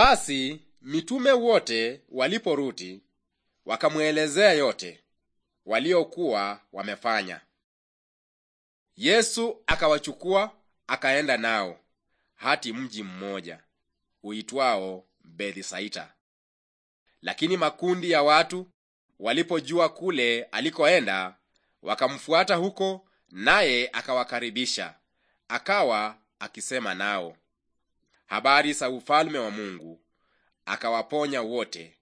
Basi mitume wote waliporudi wakamwelezea yote waliokuwa wamefanya. Yesu akawachukua akaenda nao hati mji mmoja uitwao bethisaita Lakini makundi ya watu walipojua kule alikoenda, wakamfuata huko, naye akawakaribisha, akawa akisema nao habari za ufalme wa Mungu, akawaponya wote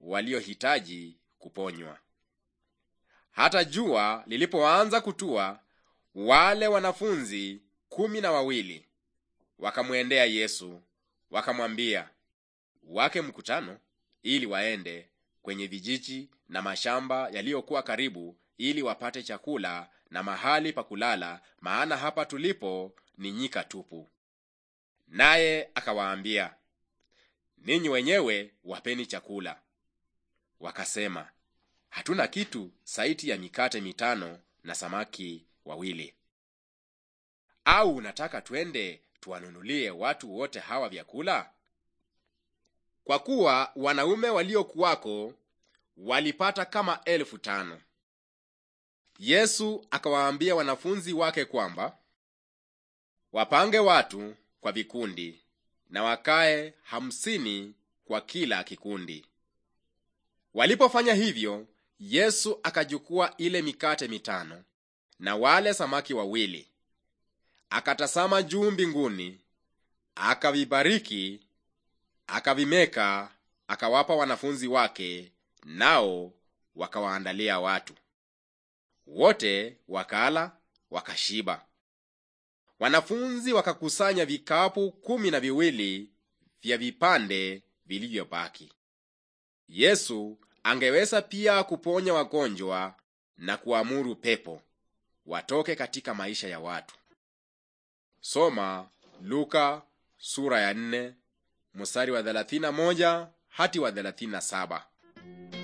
waliohitaji kuponywa. Hata jua lilipoanza kutua, wale wanafunzi kumi na wawili wakamwendea Yesu wakamwambia wake mkutano ili waende kwenye vijiji na mashamba yaliyokuwa karibu ili wapate chakula na mahali pa kulala, maana hapa tulipo ni nyika tupu. Naye akawaambia, ninyi wenyewe wapeni chakula. Wakasema, hatuna kitu saiti ya mikate mitano na samaki wawili. Au unataka twende tuwanunulie watu wote hawa vyakula? Kwa kuwa wanaume waliokuwako walipata kama elfu tano. Yesu akawaambia wanafunzi wake kwamba wapange watu kwa vikundi na wakae hamsini kwa kila kikundi. Walipofanya hivyo, Yesu akajukua ile mikate mitano na wale samaki wawili, akatasama juu mbinguni, akavibariki, akavimeka, akawapa wanafunzi wake, nao wakawaandalia watu wote. Wakala wakashiba. Wanafunzi wakakusanya vikapu kumi na viwili vya vipande vilivyobaki. Yesu angeweza pia kuponya wagonjwa na kuamuru pepo watoke katika maisha ya watu. Soma Luka sura ya nne mstari wa 31 hadi wa 37.